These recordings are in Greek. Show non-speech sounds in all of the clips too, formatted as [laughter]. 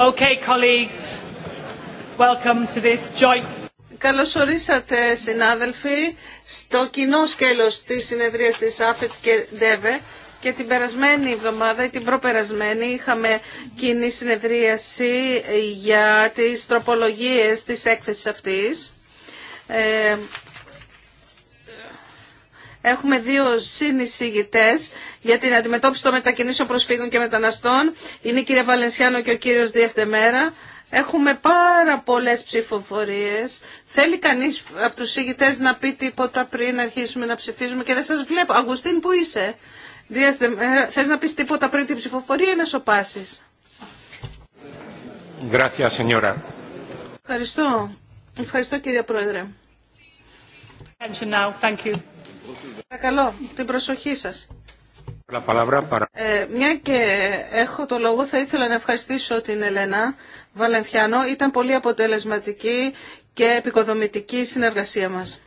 Okay, Καλώς ορίσατε συνάδελφοι στο κοινό σκέλος της συνεδρίασης της ΑΦΕΤ και ΔΕΒΕ και την περασμένη εβδομάδα ή την προπερασμένη είχαμε κοινή συνεδρίαση για τις τροπολογίες της έκθεσης αυτής. Ε, Έχουμε δύο συνεισηγητέ για την αντιμετώπιση των μετακινήσεων προσφύγων και μεταναστών. Είναι η κυρία Βαλενσιάνο και ο κύριος Διευτεμέρα. Έχουμε πάρα πολλές ψηφοφορίες. Θέλει κανείς από τους συγητές να πει τίποτα πριν αρχίσουμε να ψηφίζουμε και δεν σας βλέπω. Αγουστίν, που είσαι. Θες να πεις τίποτα πριν την ψηφοφορία ή να σοπάσεις. Ευχαριστώ. Ευχαριστώ κύριε Πρόεδρε. Thank you. Παρακαλώ, την προσοχή σας. Ε, μια και έχω το λόγο, θα ήθελα να ευχαριστήσω την Ελένα Βαλενθιάνο. Ήταν πολύ αποτελεσματική και επικοδομητική η συνεργασία μας.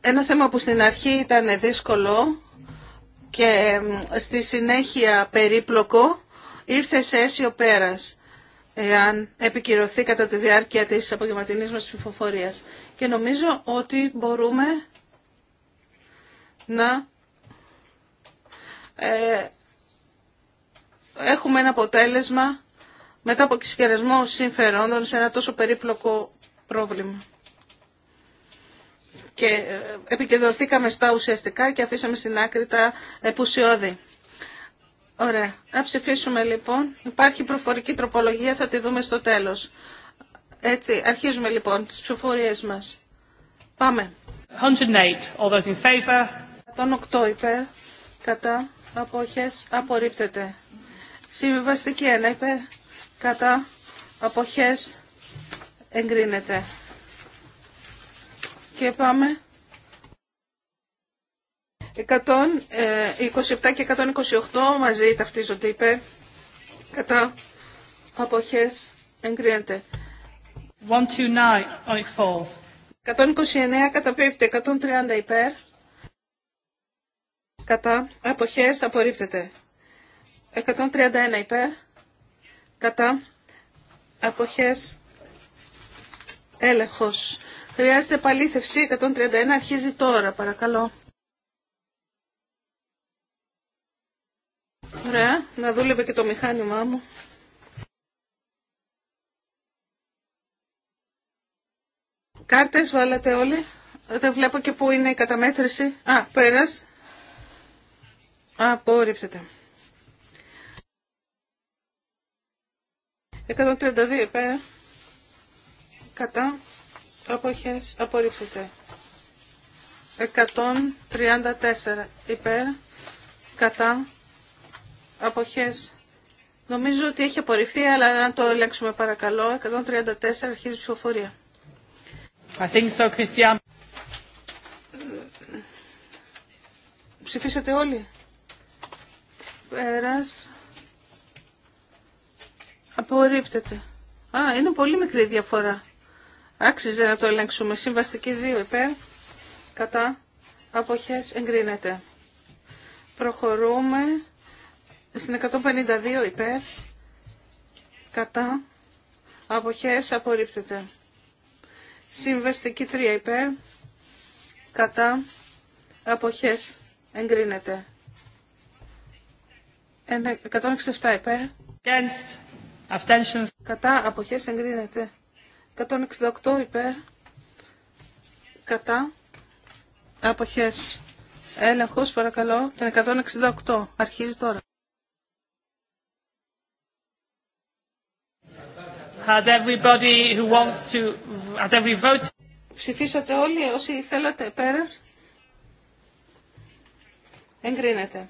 Ένα θέμα που στην αρχή ήταν δύσκολο και στη συνέχεια περίπλοκο ήρθε σε αίσιο πέρας εάν επικυρωθεί κατά τη διάρκεια της απογευματινής μας ψηφοφορίας και νομίζω ότι μπορούμε να ε, έχουμε ένα αποτέλεσμα μετά από εξυγερασμό συμφερόντων σε ένα τόσο περίπλοκο πρόβλημα. Και ε, επικεντρωθήκαμε στα ουσιαστικά και αφήσαμε στην άκρη τα επουσιώδη. Ωραία. Να ψηφίσουμε λοιπόν. Υπάρχει προφορική τροπολογία, θα τη δούμε στο τέλος. Έτσι, αρχίζουμε λοιπόν τις ψηφοφορίες μας. Πάμε. 108, all those in 108 υπέρ, κατά, αποχές, απορρίπτεται. Συμβιβαστική 1 υπέρ, κατά, αποχές, εγκρίνεται. Και πάμε. 127 ε, και 128 μαζί ταυτίζονται υπέρ, κατά, αποχές, εγκρίνεται. 129 it 130 υπέρ. Κατά. Αποχές απορρίπτεται. 131 υπέρ. Κατά. Αποχές έλεγχος. Χρειάζεται επαλήθευση. 131 αρχίζει τώρα, παρακαλώ. Ωραία, να δούλευε και το μηχάνημά μου. Κάρτες βάλατε όλοι. Δεν βλέπω και πού είναι η καταμέτρηση. Α, πέρας. Απορρίπτεται. 132 υπέρ. Κατά. Αποχές. Απορρίπτεται. 134 υπέρ. Κατά. Αποχές. Νομίζω ότι έχει απορριφθεί, αλλά να το ελέγξουμε παρακαλώ. 134 αρχίζει ψηφοφορία. I Ψηφίσατε όλοι. Πέρας. Απορρίπτεται. Α, είναι πολύ μικρή διαφορά. Άξιζε να το ελέγξουμε. Συμβαστική 2 υπέρ. Κατά. Αποχές εγκρίνεται. Προχωρούμε στην 152 υπέρ. Κατά. Αποχές απορρίπτεται. Συμβεστική 3 υπέρ, κατά, αποχές, εγκρίνεται. 167 υπέρ. Against. Abstentions. Κατά, αποχές, εγκρίνεται. 168 υπέρ. Κατά, αποχές. Έλεγχος, παρακαλώ, την 168. Αρχίζει τώρα. Ψηφίσατε όλοι όσοι θέλατε πέρας. Εγκρίνεται.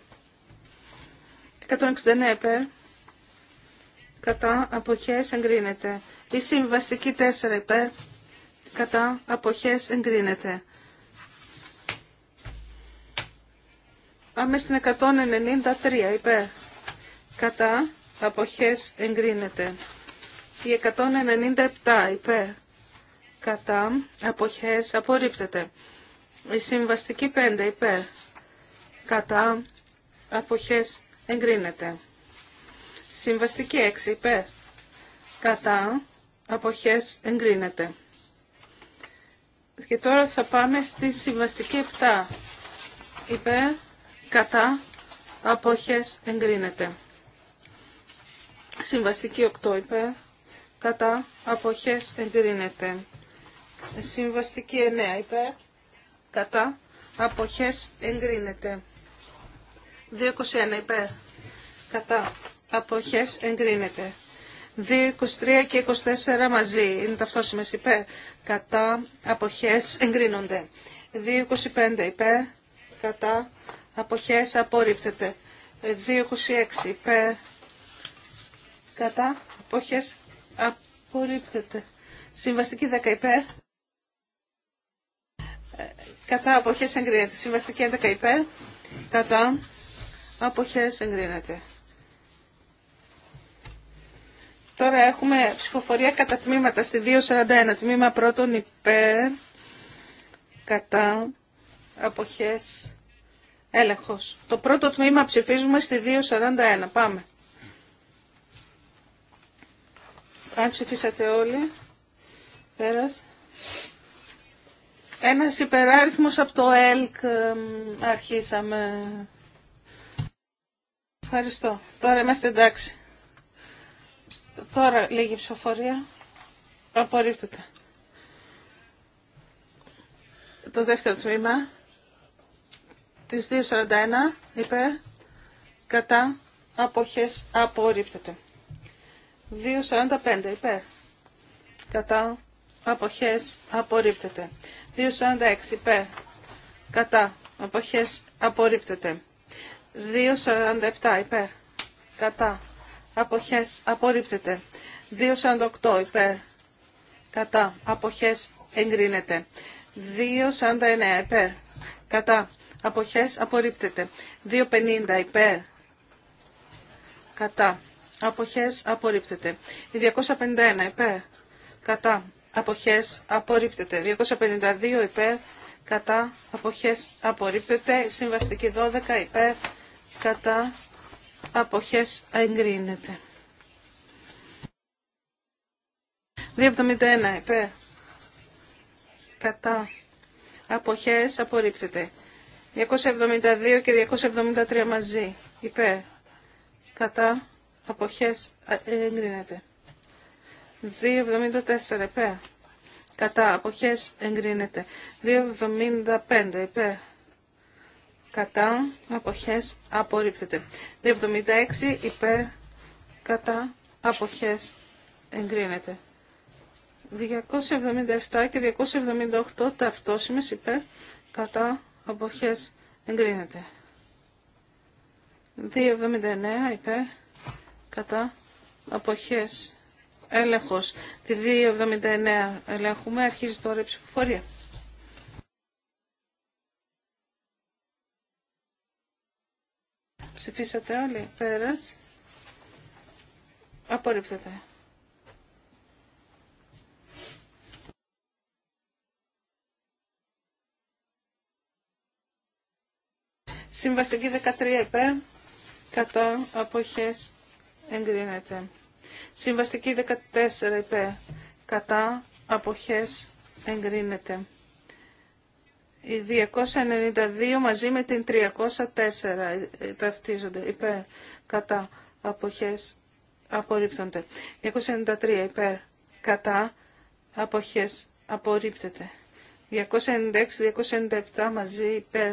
169 υπέρ. Κατά αποχές εγκρίνεται. Η συμβαστική 4 υπέρ. Κατά αποχές εγκρίνεται. Πάμε στην 193 υπέρ. Κατά αποχές εγκρίνεται. Η 197 υπέρ κατά αποχές απορρίπτεται. Η συμβαστική 5 υπέρ κατά αποχές εγκρίνεται. Συμβαστική 6 υπέρ κατά αποχές εγκρίνεται. Και τώρα θα πάμε στη συμβαστική 7 υπέρ κατά αποχές εγκρίνεται. Συμβαστική 8 υπέρ κατά αποχές εγκρίνεται. Συμβαστική 9 υπέρ κατά αποχές εγκρίνεται. 221 υπέρ κατά αποχές εγκρίνεται. 2.23 23 και 24 μαζί είναι ταυτόσιμες υπέρ κατά αποχές εγκρίνονται. 2.25 25 υπέρ κατά αποχές απορρίπτεται. 2.26 26 υπέρ κατά αποχές απορρίπτεται. Συμβαστική 10 ε, υπέρ. Κατά αποχέ εγκρίνεται. Συμβαστική 11 υπέρ. Κατά αποχέ εγκρίνεται. Τώρα έχουμε ψηφοφορία κατά τμήματα στη 241. Τμήμα πρώτον υπέρ. Κατά αποχές έλεγχος. Το πρώτο τμήμα ψηφίζουμε στη 241. Πάμε. Αν ψηφίσατε όλοι, πέρας. Ένας υπεράριθμος από το ΕΛΚ ε, αρχίσαμε. Ευχαριστώ. Τώρα είμαστε εντάξει. Τώρα λίγη ψηφοφορία. Απορρίπτεται. Το δεύτερο τμήμα της 241 είπε κατά αποχές απορρίπτεται. 2.45 υπέρ. Κατά. Αποχές απορρίπτεται. 2.46 υπέρ. Κατά. Αποχές απορρίπτεται. 2.47 υπέρ. Κατά. Αποχές απορρίπτεται. 2.48 υπέρ. Κατά. Αποχές εγκρίνεται. 2.49 υπέρ. Κατά. Αποχές απορρίπτεται. 2.50 υπέρ. Κατά αποχές απορρίπτεται. Η 251 υπέρ κατά αποχές απορρίπτεται. 252 υπέρ κατά αποχές απορρίπτεται. Συμβαστική 12 υπέρ κατά αποχές εγκρίνεται. 271 υπέρ κατά αποχές απορρίπτεται. 272 και 273 μαζί υπέρ κατά Αποχές ε, εγκρίνεται. 2.74 επέ. Κατά αποχές εγκρίνεται. 2.75 επέ. Κατά αποχές απορρίπτεται. 2.76 υπέρ. Κατά αποχές εγκρίνεται. 277 και 278 ταυτόσιμες υπέρ. Κατά αποχές εγκρίνεται. 2.79 υπέρ κατά αποχές έλεγχος τη 279 ελέγχουμε αρχίζει τώρα η ψηφοφορία ψηφίσατε όλοι πέρας απορρίπτεται Συμβαστική 13 υπέρ κατά αποχές εγκρίνεται. Συμβαστική 14 ειπε κατά αποχές εγκρίνεται. Οι 292 μαζί με την 304 ταυτίζονται υπέρ κατά αποχές απορρίπτονται. 293 υπέρ κατά αποχές απορρίπτεται. 296-297 μαζί υπέρ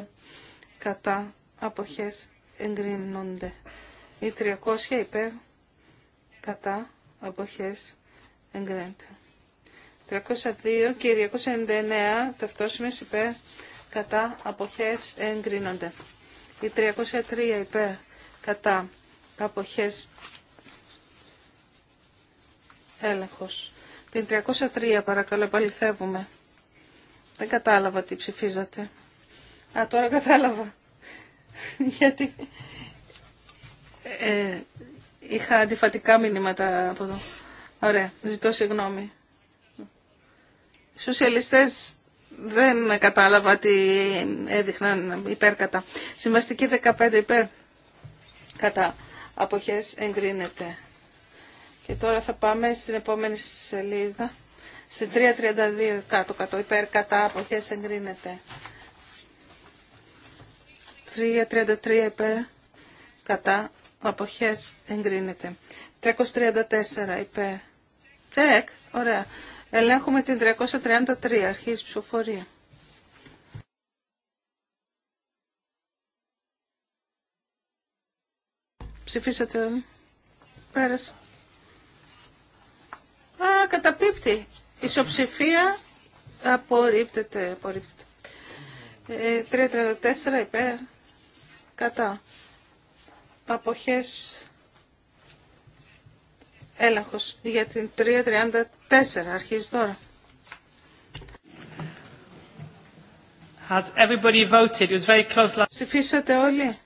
κατά αποχές εγκρίνονται. η 300 υπέρ κατά αποχές εγκρίνεται. 302 και 299 ταυτόσιμες υπέρ κατά αποχές εγκρίνονται. Η 303 υπέρ κατά αποχές έλεγχος. Την 303 παρακαλώ επαληθεύουμε. Δεν κατάλαβα τι ψηφίζατε. Α, τώρα κατάλαβα. [laughs] Γιατί ε, Είχα αντιφατικά μηνύματα από εδώ. Ωραία, ζητώ συγγνώμη. Σοσιαλιστές δεν κατάλαβα τι έδειχναν υπέρ κατά. Συμβαστική 15 υπέρ κατά. Αποχές εγκρίνεται. Και τώρα θα πάμε στην επόμενη σελίδα. Σε 3.32 κάτω κάτω υπέρ κατά. Αποχές εγκρίνεται. 3.33 υπέρ κατά αποχές εγκρίνεται. 334 υπέρ. Τσεκ, ωραία. Ελέγχουμε την 333, αρχής ψηφοφορία. Ψηφίσατε όλοι. Πέρασε. Α, καταπίπτει. Ισοψηφία απορρίπτεται. απορρίπτεται. Ε, 334 υπέρ. Κατά αποχές έλεγχος για την 3.34 αρχίζει τώρα. Has everybody voted? It was very close... Ψηφίσατε όλοι.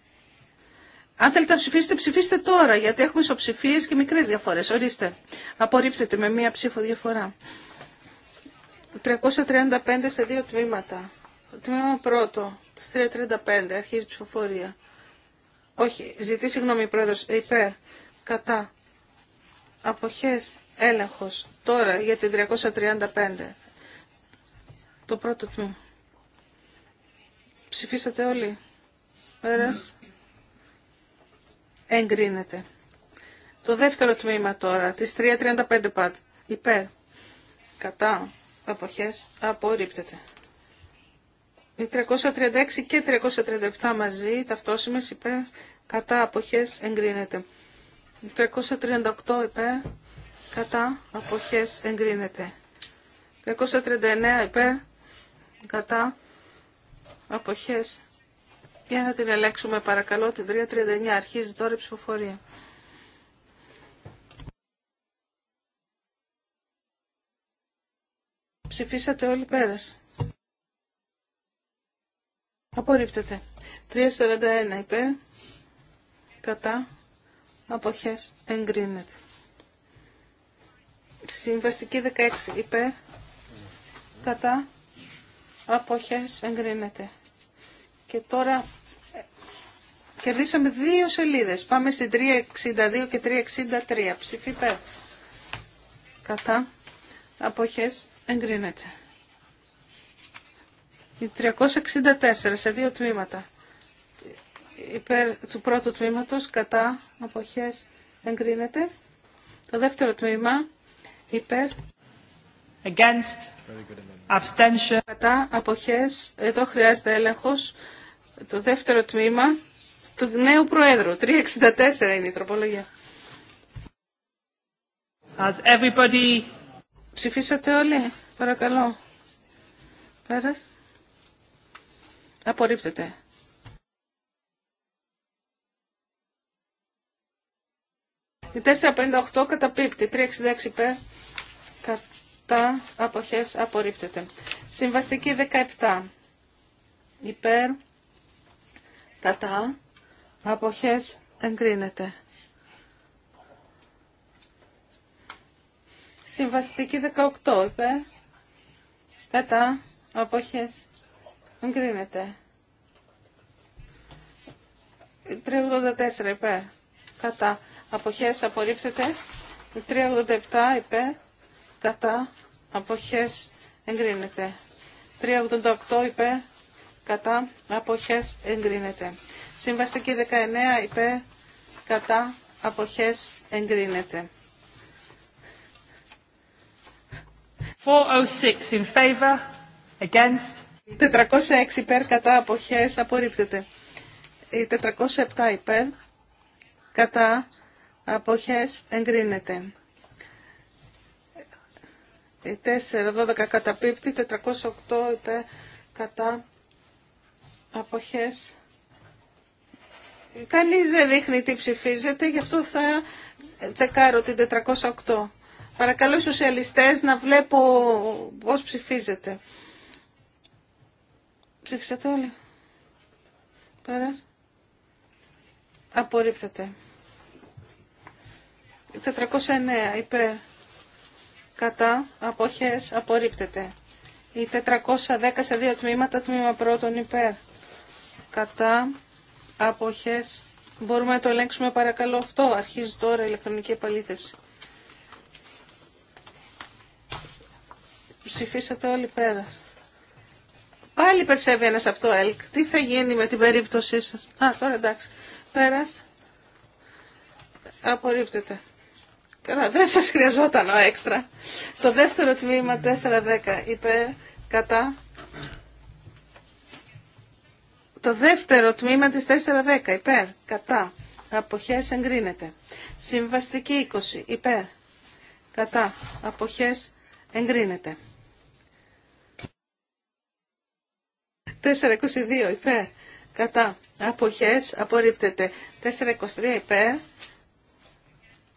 Αν θέλετε να ψηφίσετε, ψηφίστε τώρα, γιατί έχουμε ισοψηφίε και μικρές διαφορές. Ορίστε. Απορρίπτεται με μία ψήφο διαφορά. 335 σε δύο τμήματα. Το τμήμα πρώτο, τη 335, αρχίζει ψηφοφορία. Όχι, ζητή συγγνώμη πρόεδρος, υπέρ, κατά, αποχές, έλεγχος, τώρα για την 335, το πρώτο τμήμα. Ψηφίσατε όλοι. Πέρας. Εγκρίνεται. Το δεύτερο τμήμα τώρα, της 335 πάντων, υπέρ, κατά, αποχές, απορρίπτεται. Οι 336 και 337 μαζί, ταυτόσιμες υπέρ, κατά αποχές εγκρίνεται. 338 υπέρ, κατά αποχές εγκρίνεται. 339 υπέρ, κατά αποχές. Για να την ελέγξουμε παρακαλώ την 339. Αρχίζει τώρα η ψηφοφορία. Ψηφίσατε όλοι πέρας. Απορρίπτεται. 3.41 υπέρ. Κατά. Αποχές. Εγκρίνεται. Συμβαστική 16 υπέρ. Κατά. Αποχές. Εγκρίνεται. Και τώρα κερδίσαμε δύο σελίδες. Πάμε στην 3.62 και 3.63. Ψήφι υπέρ. Κατά. Αποχές. Εγκρίνεται. Η 364 σε δύο τμήματα. Υπέρ του πρώτου τμήματος κατά αποχές εγκρίνεται. Το δεύτερο τμήμα υπέρ Against. Abstention. Κατά αποχές, εδώ χρειάζεται έλεγχος, το δεύτερο τμήμα του νέου Προέδρου. 364 είναι η τροπολογία. As everybody... Ψηφίσατε όλοι, παρακαλώ. Πέρας. Απορρίπτεται. Η 458 καταπίπτει. 366 υπέρ κατά αποχές απορρίπτεται. Συμβαστική 17 υπέρ κατά αποχές εγκρίνεται. Συμβαστική 18 υπέρ κατά αποχές Εγκρίνεται. 384 υπέρ. Κατά. Αποχές απορρίπτεται. 387 υπέρ. Κατά. Αποχές εγκρίνεται. 388 υπέρ. Κατά. Αποχές εγκρίνεται. Συμβαστική 19 υπέρ. Κατά. Αποχές εγκρίνεται. 406 in favor, against, 406 υπέρ κατά αποχές απορρίπτεται. 407 υπέρ κατά αποχές εγκρίνεται. 4, 12 καταπίπτει, 408 υπέρ κατά αποχές. Κανείς δεν δείχνει τι ψηφίζεται, γι' αυτό θα τσεκάρω την 408. Παρακαλώ οι σοσιαλιστές να βλέπω πώς ψηφίζεται. Ψήφισατε όλοι. Πέρας. Απορρίπτεται. 409 υπέρ. Κατά. Αποχές. Απορρίπτεται. Η 410 σε δύο τμήματα. Τμήμα πρώτον υπέρ. Κατά. Αποχές. Μπορούμε να το ελέγξουμε παρακαλώ αυτό. Αρχίζει τώρα η ηλεκτρονική επαλήθευση. Ψηφίσατε όλοι πέρας. Πάλι περσεύει ένα αυτό, το ΕΛΚ. Τι θα γίνει με την περίπτωσή σα. Α, τώρα εντάξει. Πέρα. Απορρίπτεται. Καλά, δεν σα χρειαζόταν ο έξτρα. Το δεύτερο τμήμα 4-10 υπέρ κατά. Το δεύτερο τμήμα της 4-10 υπέρ κατά. Αποχές εγκρίνεται. Συμβαστική 20 υπέρ κατά. Αποχές εγκρίνεται. 422 υπέρ κατά αποχές απορρίπτεται. 423 υπέρ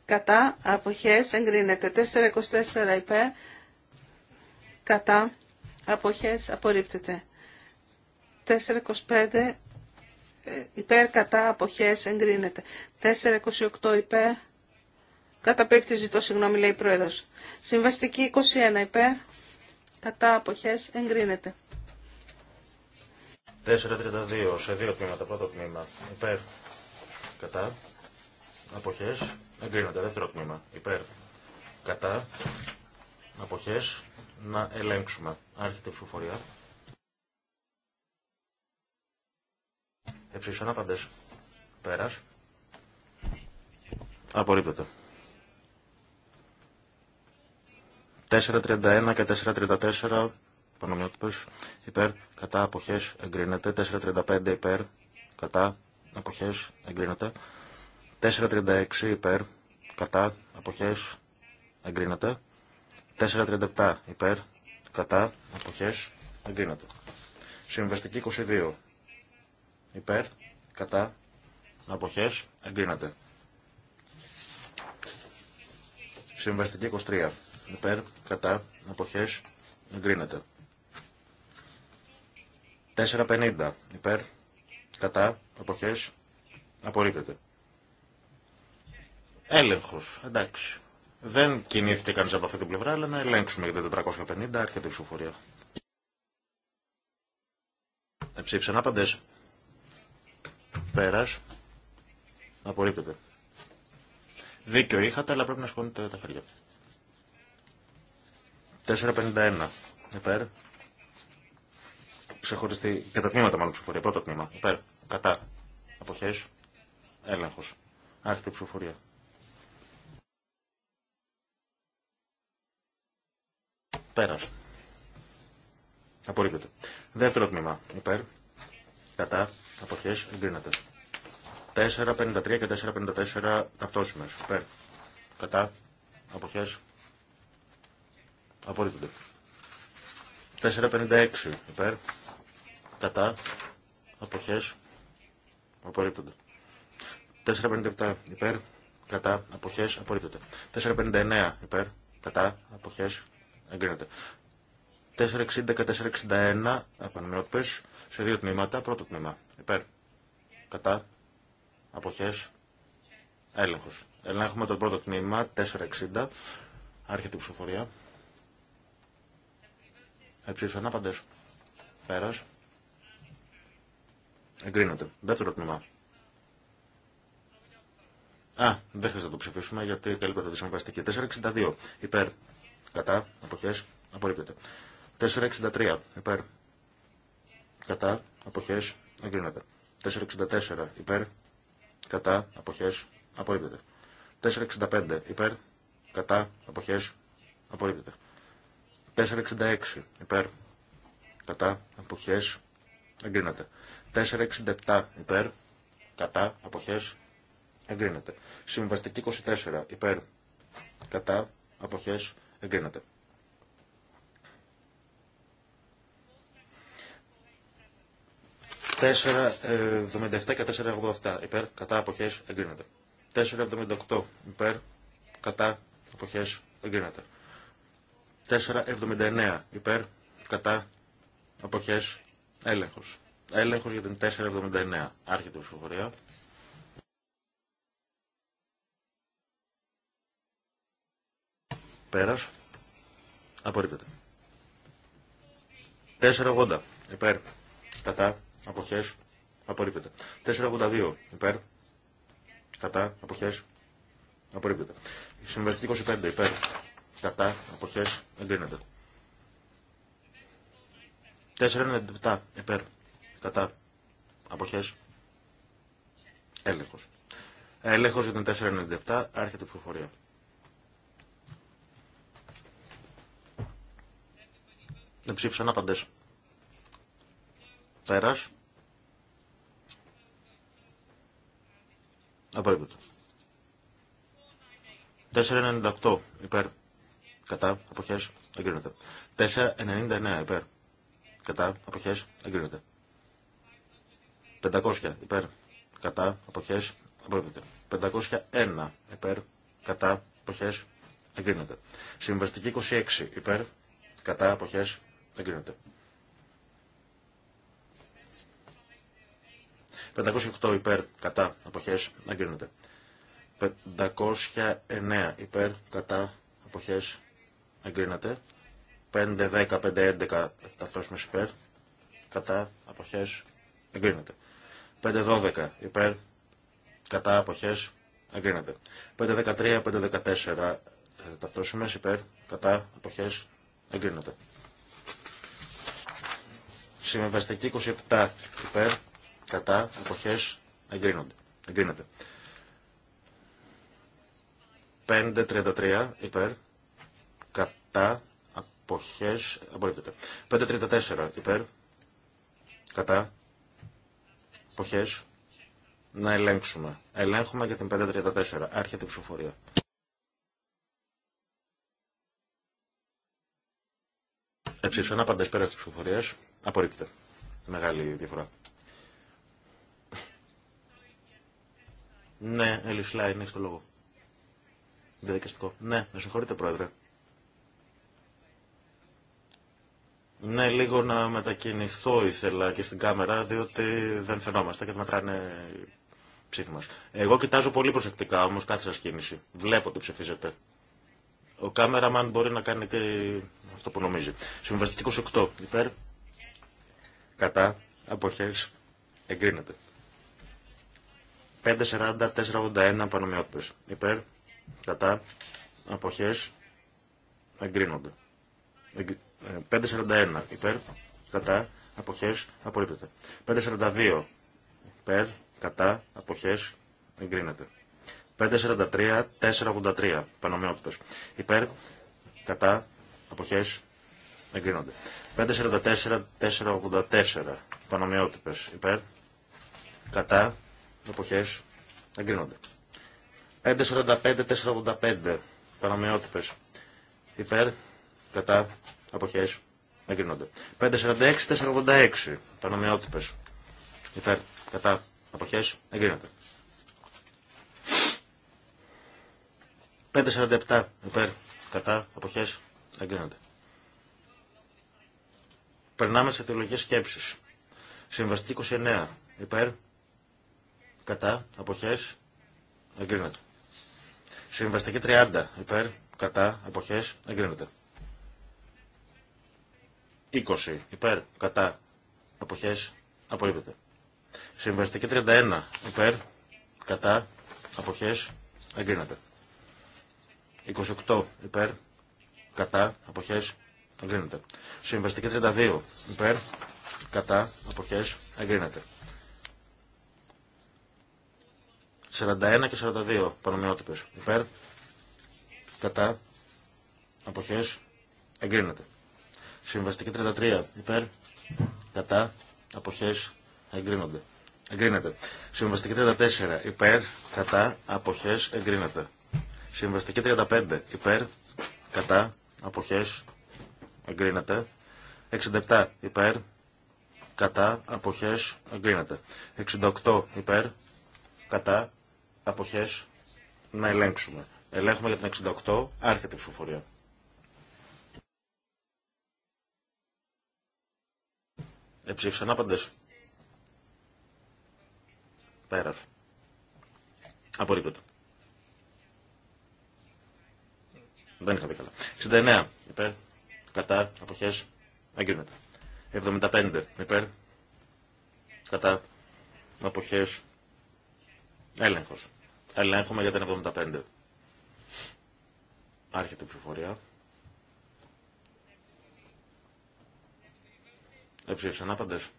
κατά αποχές εγκρίνεται. 424 υπέρ κατά αποχές απορρίπτεται. 425 υπέρ κατά αποχές εγκρίνεται. 428 υπέρ κατά πέκτη ζητώ συγγνώμη λέει η Πρόεδρος. Συμβαστική 21 υπέρ κατά αποχές εγκρίνεται. 4.32 σε δύο τμήματα. Πρώτο τμήμα υπέρ κατά Αποχέ. εγκρίνεται. Δεύτερο τμήμα υπέρ κατά αποχέ να ελέγξουμε. Άρχεται η ψηφοφορία. Εψήφισαν άπαντες. Πέρας. Απορρίπτεται. 4.31 και 4.34 Πανομοιότυπες υπέρ, κατά αποχέ, εγκρίνεται. 4.35 υπέρ, κατά αποχές εγκρίνεται. 4.36 υπέρ, κατά αποχέ, εγκρίνεται. 4.37 υπέρ, κατά αποχέ, εγκρίνεται. Συμβαστική 22 υπέρ, κατά αποχές εγκρίνεται. Συμβαστική 23 υπέρ, κατά αποχές εγκρίνεται. 4.50 υπέρ, κατά, Εποχές. απορρίπτεται. Έλεγχος, εντάξει. Δεν κινήθηκε κανείς από αυτή την πλευρά, αλλά να ελέγξουμε για τα 450, έρχεται η ψηφοφορία. Ψήφισαν άπαντες. Πέρας. Απορρίπτεται. Δίκιο είχατε, αλλά πρέπει να σκόνετε τα χέρια. 451. Υπέρ ξεχωριστή, κατά τμήματα μάλλον ψηφοφορία, πρώτο τμήμα, υπέρ, κατά, αποχές, έλεγχος, άρχεται ψηφοφορία. Πέρας. Απορρίπτεται. Δεύτερο τμήμα, υπέρ, κατά, αποχές, εγκρίνεται. 4.53 και 4.54 ταυτόσιμες, υπέρ, κατά, αποχές, απορρίπτεται. 4.56 υπέρ, Κατά. Αποχές. Απορρίπτονται. 4.57 υπέρ. Κατά. Αποχές. Απορρίπτονται. 4.59 υπέρ. Κατά. Αποχές. Εγκρίνεται. 4.60 και 4.61 επανομοιοτυπε σε δύο τμήματα. Πρώτο τμήμα. Υπέρ. Κατά. Αποχές. Έλεγχος. Ελέγχουμε το πρώτο τμήμα. 4.60. Άρχεται η ψηφοφορία. Εψήφισαν άπαντες. Πέρας. Εγκρίνεται. Δεύτερο τμήμα. Α, δεν χρειάζεται να το ψηφίσουμε γιατί καλύπτεται τη συμβαστική. 462 υπέρ. Κατά. Αποχέ. Απορρίπτεται. 463 υπέρ. Κατά. Αποχέ. Εγκρίνεται. 464 υπέρ. Κατά. Αποχέ. Απορρίπτεται. 465 υπέρ. Κατά. Αποχέ. Απορρίπτεται. 466 υπέρ. Κατά. Αποχέ. Εγκρίνεται. 467 υπέρ, κατά, αποχές, εγκρίνεται. Συμβαστική 24 υπέρ, κατά, αποχές, εγκρίνεται. 4,77 ε, και 4,87 υπέρ, κατά, αποχές, εγκρίνεται. 4,78 υπέρ, κατά, αποχές, εγκρίνεται. 4,79 υπέρ, κατά, αποχές, έλεγχος. Έλεγχος για την 479. Άρχεται η ψηφοφορία. Πέρας. Απορρίπτεται. 480. Υπέρ. Κατά. Αποχές. Απορρίπτεται. 482. Υπέρ. Κατά. Αποχές. Απορρίπτεται. Συμβαστική 25. Υπέρ. Κατά. Αποχές. Εγκρίνεται. 497. Υπέρ. Κατά. Αποχές. Έλεγχος. Έλεγχος για την 497. Άρχεται η προφορία. Δεν ψήφισαν απαντές. Πέρας. Απορρίπτω. 4,98 υπέρ. Κατά. Αποχές. Εγκρίνεται. 4,99 υπέρ. Κατά. Αποχές. Εγκρίνεται. 500 υπέρ κατά αποχέ. απορρίπτεται. 501 υπέρ κατά αποχές εγκρίνεται. Συμβαστική 26 υπέρ κατά αποχέ, εγκρίνεται. 508 υπέρ κατά αποχές εγκρίνεται. 509 υπέρ κατά αποχές εγκρίνεται. 5, 10, 5, 11 υπέρ κατά αποχές εγκρίνεται. 512 υπέρ, κατά αποχές εγκρίνεται. 513, 514 ταυτόσιμες υπέρ, κατά αποχέ, εγκρίνεται. Συμβαστική 27 υπέρ, κατά αποχές εγκρίνονται. εγκρίνεται. 5.33 υπέρ, κατά απόχέ, απορρίπτεται. 5.34 υπέρ, κατά εποχέ Να ελέγξουμε. Ελέγχουμε για την 534. Άρχεται η ψηφοφορία. Εψήφισαν άπαντε πέρα τη ψηφοφορία. Απορρίπτεται. Μεγάλη διαφορά. Ναι, Ελισλά, είναι στο λόγο. Διαδικαστικό. Ναι, με συγχωρείτε, Πρόεδρε. Ναι, λίγο να μετακινηθώ ήθελα και στην κάμερα, διότι δεν φαινόμαστε και μετράνε ψήφι μας. Εγώ κοιτάζω πολύ προσεκτικά όμως κάθε σας κίνηση. Βλέπω ότι ψηφίζετε. Ο κάμεραμαν μπορεί να κάνει και αυτό που νομίζει. Συμβαστική 28. Υπέρ. Κατά. Αποχές. Εγκρίνεται. 5.40-481 πανομοιότητες. Υπέρ. Κατά. Αποχές. Εγκρίνονται. Εγκρίνονται. 541 υπέρ, κατά, αποχές, απορρίπτεται. 542 υπέρ, κατά, αποχές, εγκρίνεται. 543, 483 πανομοιότητες. Υπέρ, κατά, αποχές, εγκρίνονται. 544, 484 πανομοιότητες. Υπέρ, κατά, αποχές, εγκρίνονται. 545, 485 πανομοιότητες. Υπέρ, κατά, Αποχές. Εγκρίνονται. 546-486. νομιότυπε. Υπέρ. Κατά. Αποχές. Εγκρίνονται. 547. Υπέρ. Κατά. Αποχές. Εγκρίνονται. Περνάμε σε θεολογικές σκέψει. Συμβαστή 29. Υπέρ. Κατά. αποχέ, Εγκρίνεται. Συμβαστική 30. Υπέρ. Κατά. Αποχές. Εγκρίνεται. 20 υπέρ, κατά, αποχές, απορρίπτεται. Συμβαστική 31 υπέρ, κατά, αποχές, εγκρίνεται. 28 υπέρ, κατά, αποχές, εγκρίνεται. Συμβαστική 32 υπέρ, κατά, αποχές, εγκρίνεται. 41 και 42 πανομοιότυπες υπέρ, κατά, αποχές, εγκρίνεται. Συμβαστική 33 υπέρ, κατά, αποχέ, εγκρίνονται. Εγκρίνεται. Συμβαστική 34 υπέρ, κατά, αποχέ, εγκρίνεται. Συμβαστική 35 υπέρ, κατά, αποχέ. εγκρίνεται. 67 υπέρ, κατά, αποχέ, εγκρίνεται. 68 υπέρ, κατά, απόχέ να ελέγξουμε. Ελέγχουμε για την 68, άρχεται η ψηφοφορία. Εψήφισαν άπαντες. έγραφε. Απορρίπτεται. Δεν είχα δει καλά. 69 υπέρ. Κατά. Αποχές. Εγκρίνεται. 75 υπέρ. Κατά. Αποχές. Έλεγχος. Ελέγχουμε για την 75. Άρχεται η πληροφορία. Εψήφισαν άπαντες.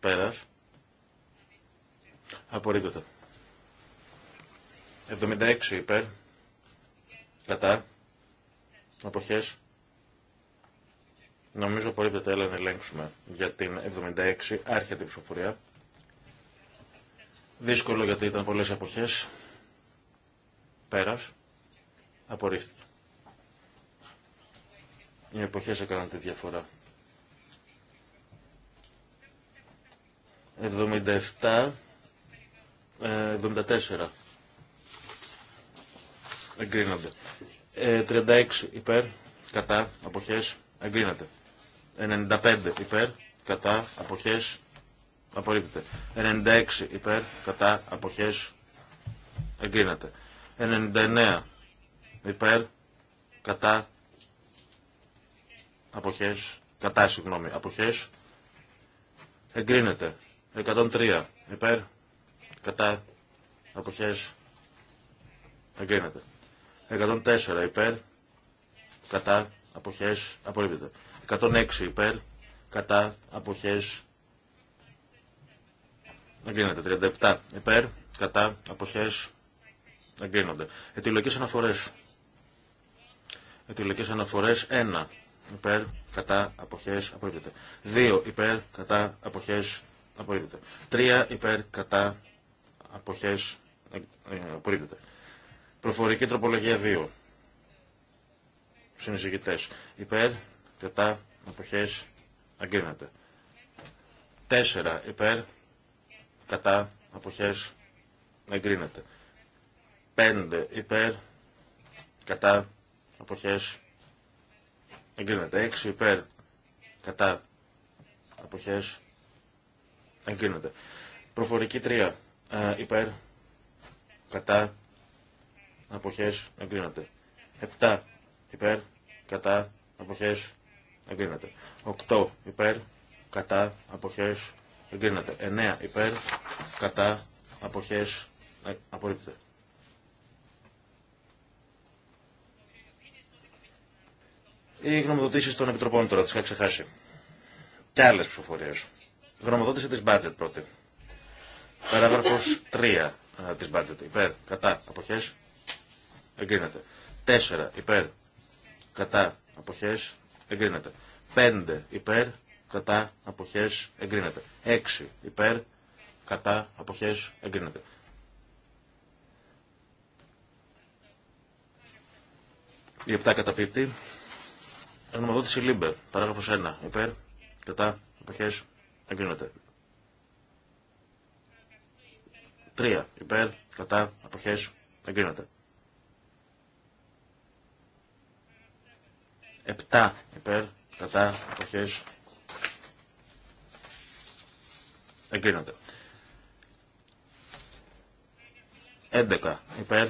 Πέρας. Απορρίπτεται. 76 υπέρ. Κατά. Αποχές. Νομίζω απορρίπτεται. Έλα να ελέγξουμε για την 76. Άρχεται η ψηφοφορία. Δύσκολο γιατί ήταν πολλές αποχές. Πέρας. Απορρίφθηκε. Οι εποχές έκαναν τη διαφορά. 77, 74 ε, εγκρίνονται. 36 ε, υπέρ, κατά, αποχές, εγκρίνεται. 95 υπέρ, κατά, αποχές, απορρίπτεται. 96 υπέρ, κατά, αποχές, εγκρίνεται. 99 υπέρ, κατά, αποχές, κατά, συγγνώμη, αποχές, εγκρίνεται. 103 υπέρ κατά αποχές εγκρίνεται. 104 υπέρ κατά αποχές απορρίπτεται. 106 υπέρ κατά αποχές εγκρίνεται. 37 υπέρ κατά αποχές εγκρίνονται. Ετυλογικές αναφορές. Ετυλογικές αναφορές 1 υπέρ κατά αποχές απορρίπτεται. 2 υπέρ κατά αποχές απορρίπτεται. 3 υπέρ κατά αποχές ε, ε, Προφορική τροπολογία 2. Συνεισηγητές. Υπέρ κατά αποχές αγκρίνεται. 4 υπέρ κατά αποχές εγκρίνεται. 5 υπέρ κατά αποχές εγκρίνεται. 6 υπέρ κατά αποχές Προφορική 3. Ε, υπέρ. Κατά. αποχέ, Εγκρίνεται. 7. Υπέρ. Κατά. Αποχές. Εγκρίνεται. 8. Υπέρ. Κατά. αποχέ, Εγκρίνεται. 9. Υπέρ. Κατά. αποχέ, ε, απορρίπτεται. Οι γνωμοδοτήσει των επιτροπών τώρα τι είχα ξεχάσει. Και άλλε ψηφοφορίε. Γνωμοδότηση τη budget πρώτη. Παράγραφος 3 τη budget. Υπέρ, κατά, αποχέ, Εγκρίνεται. 4 υπέρ, κατά, αποχέ, Εγκρίνεται. 5 υπέρ, κατά, αποχέ, Εγκρίνεται. 6 υπέρ, κατά, απόχέ, Εγκρίνεται. Η 7 καταπίπτει. Γνωμοδότηση Λίμπε. Παράγραφος 1. Υπέρ. Κατά. αποχέ. Εγκρίνεται. 3 υπέρ, κατά, αποχές, εγκρίνεται. 7 υπέρ, κατά, αποχές, εγκρίνονται. 11 υπέρ,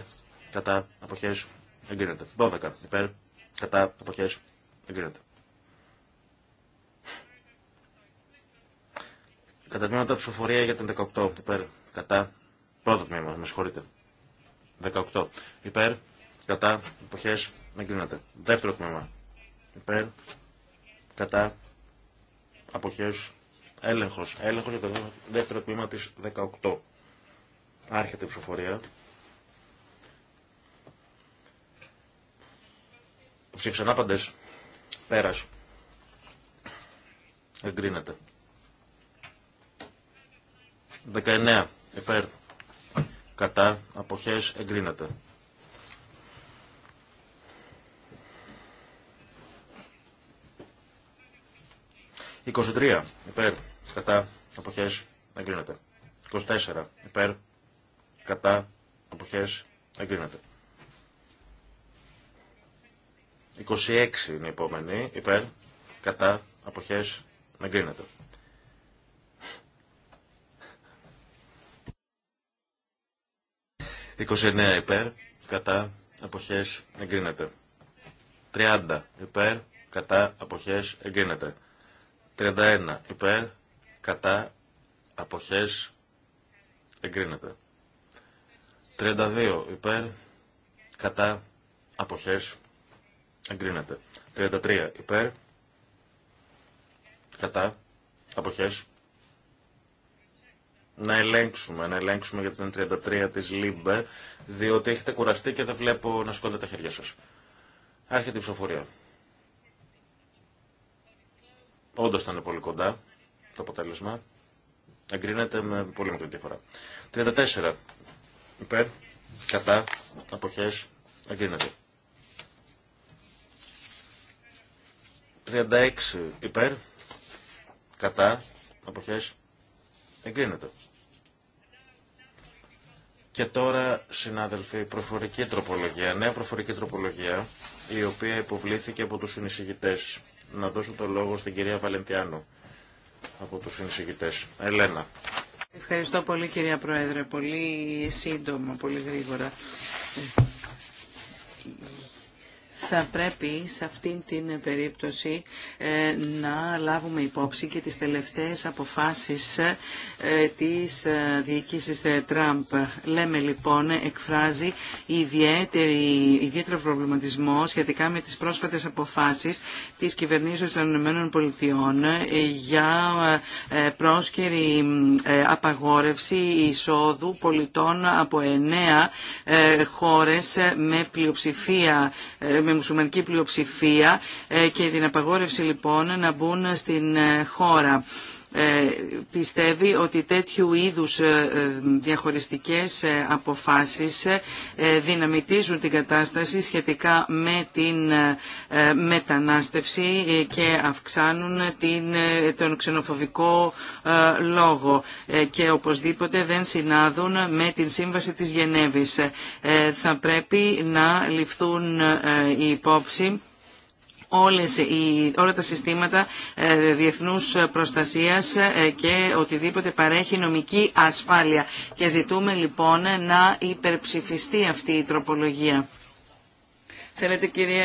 κατά, αποχές, εγκρίνεται. 12 υπέρ, κατά, αποχές, εγκρίνεται. Κατά τμήματα ψηφοφορία για την 18. Υπέρ. Κατά. Πρώτο τμήμα, με συγχωρείτε. 18. Υπέρ. Κατά. Εποχέ. Εγκρίνεται. Δεύτερο τμήμα. Υπέρ. Κατά. Αποχέ. Έλεγχο. Έλεγχο για το δεύτερο τμήμα τη 18. Άρχεται η ψηφοφορία. Ψήφισαν άπαντε. Πέρα. Εγκρίνεται. 19 υπέρ κατά αποχές εγκρίνεται. 23 υπέρ κατά αποχές εγκρίνεται. 24 υπέρ κατά αποχές εγκρίνεται. 26 είναι η επόμενη υπέρ κατά αποχές εγκρίνεται. 29 υπέρ, κατά, αποχές, εγκρίνεται. 30 υπέρ, κατά, αποχές, εγκρίνεται. 31 υπέρ, κατά, αποχές, εγκρίνεται. 32 υπέρ, κατά, αποχές, εγκρίνεται. 33 υπέρ, κατά, αποχές, να ελέγξουμε, να ελέγξουμε για την 33 της ΛΥΜΠΕ, διότι έχετε κουραστεί και δεν βλέπω να σηκώνετε τα χέρια σας. Άρχεται η ψηφοφορία. Όντω ήταν πολύ κοντά το αποτέλεσμα. Εγκρίνεται με πολύ μικρή διαφορά. 34. Υπέρ, κατά, αποχές, εγκρίνεται. 36. Υπέρ, κατά, αποχές, Εγκρίνεται. Και τώρα, συνάδελφοι, προφορική τροπολογία, νέα προφορική τροπολογία, η οποία υποβλήθηκε από τους συνεισηγητές. Να δώσω το λόγο στην κυρία Βαλεντιάνου από τους συνεισηγητές. Ελένα. Ευχαριστώ πολύ κυρία Πρόεδρε, πολύ σύντομα, πολύ γρήγορα θα πρέπει σε αυτήν την περίπτωση ε, να λάβουμε υπόψη και τις τελευταίες αποφάσεις ε, της ε, διοίκησης Τραμπ. Λέμε λοιπόν, εκφράζει ιδιαίτερη, ιδιαίτερο προβληματισμό σχετικά με τις πρόσφατες αποφάσεις της κυβερνήσεως των ΗΠΑ για πρόσκαιρη απαγόρευση εισόδου πολιτών από εννέα χώρες με πλειοψηφία, με μουσουλμανική πλειοψηφία ε, και την απαγόρευση λοιπόν να μπουν στην ε, χώρα. Ε, πιστεύει ότι τέτοιου είδους ε, ε, διαχωριστικές αποφάσεις δυναμητίζουν την κατάσταση σχετικά με την μετανάστευση και αυξάνουν την, τον ξενοφοβικό λόγο και οπωσδήποτε δεν συνάδουν με την Σύμβαση της Γενέβης. Θα πρέπει να ληφθούν οι υπόψη όλες οι, όλα τα συστήματα ε, διεθνούς προστασίας ε, και οτιδήποτε παρέχει νομική ασφάλεια. Και ζητούμε λοιπόν να υπερψηφιστεί αυτή η τροπολογία. Θέλετε κύριε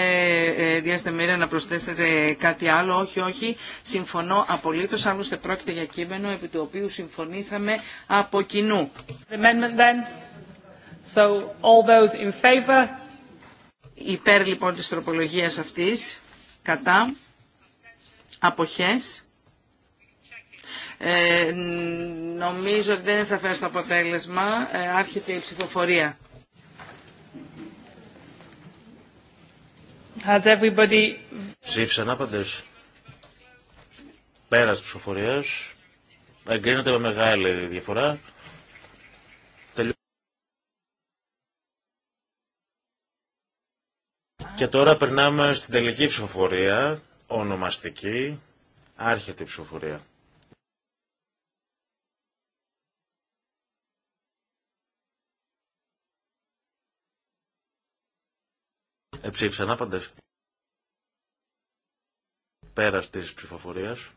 ε, Διάστα μέρα να προσθέσετε κάτι άλλο. Όχι, όχι. Συμφωνώ απολύτως. Άλλωστε πρόκειται για κείμενο επί του οποίου συμφωνήσαμε από κοινού. Υπέρ λοιπόν της τροπολογίας αυτής κατά αποχές ε, νομίζω ότι δεν είναι σαφές το αποτέλεσμα. Ε, άρχεται η ψηφοφορία. everybody... Ψήφισαν άπαντες. Πέρας ψηφοφορίας. Εγκρίνεται με μεγάλη διαφορά. Και τώρα περνάμε στην τελική ψηφοφορία, ονομαστική, άρχεται η ψηφοφορία. Εψήφισαν άπαντες. πέρα της ψηφοφορίας.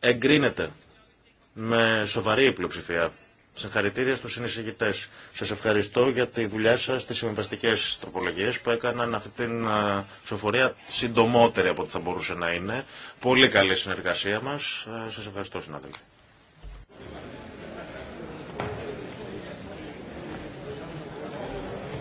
Εγκρίνεται με σοβαρή πλειοψηφία. Συγχαρητήρια στους συνεισηγητές. Σας ευχαριστώ για τη δουλειά σας στις συμβαστικές τροπολογίες που έκαναν αυτή την ε, ψηφοφορία συντομότερη από ό,τι θα μπορούσε να είναι. Πολύ καλή συνεργασία μας. Ε, σας ευχαριστώ συνάδελφοι.